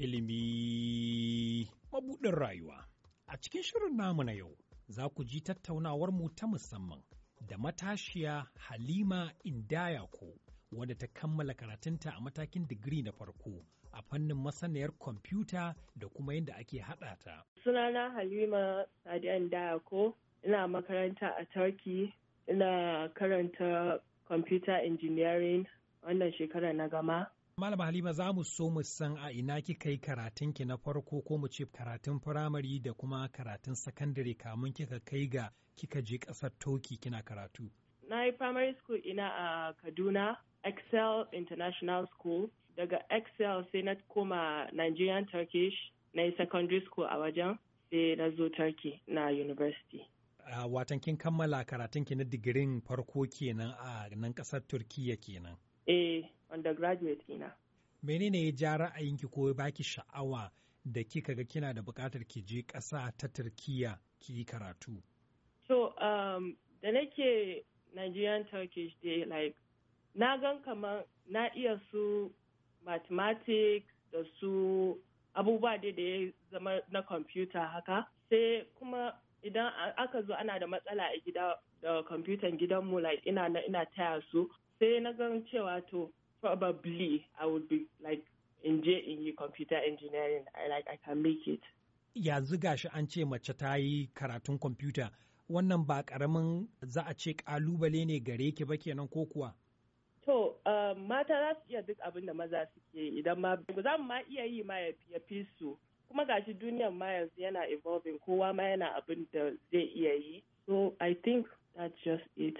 ilimi mabuɗin rayuwa. A cikin shirin namu na yau, za ku ji tattaunawarmu ta musamman da matashiya Halima ko wadda ta kammala karatunta a matakin digiri na farko a fannin masaniyar kwamfuta da kuma yadda ake haɗa ta. Sunana Halima Sadi ko, ina makaranta a Turkey, ina karanta computer engineering wannan shekara na gama. Malam Halima za mu so mu san a ina kika yi karatun ki na farko ko mu ce karatun firamare da kuma karatun sakandare kamun kika kai ga kika je ƙasar Toki kina karatu. Na yi primary school ina a Kaduna, Excel International School. Daga Excel sai na koma Nigerian Turkish na yi secondary school a wajen sai na zo Turkey na university. Uh, watan kin kammala karatun ki na digirin farko kenan a nan ƙasar Turkiya kenan. eh undergraduate ina menene ya ja ra'ayinki ko baki sha'awa da kika ga kina da buƙatar ki je ƙasa ta turkiya ki yi karatu so um, da nake nigerian turkish dai like na gan kamar na iya su mathematics da su abubuwa dai da ya zama na computer haka sai kuma idan aka zo ana da matsala a gida da kwamfutan gidanmu like ina na ina taya su sai na gan cewa to probably I would be like in je in yi computer engineering I like I can make it. Yanzu gashi an ce mace ta yi karatun computer wannan ba karamin za a ce kalubale ne gare ki ba kenan ko kuwa? To um, mata za su iya duk abin da maza suke idan ma za mu ma iya yi ma ya fi su kuma gashi duniyar ma yanzu yana evolving kowa ma yana abin da zai iya yi so I think that's just it.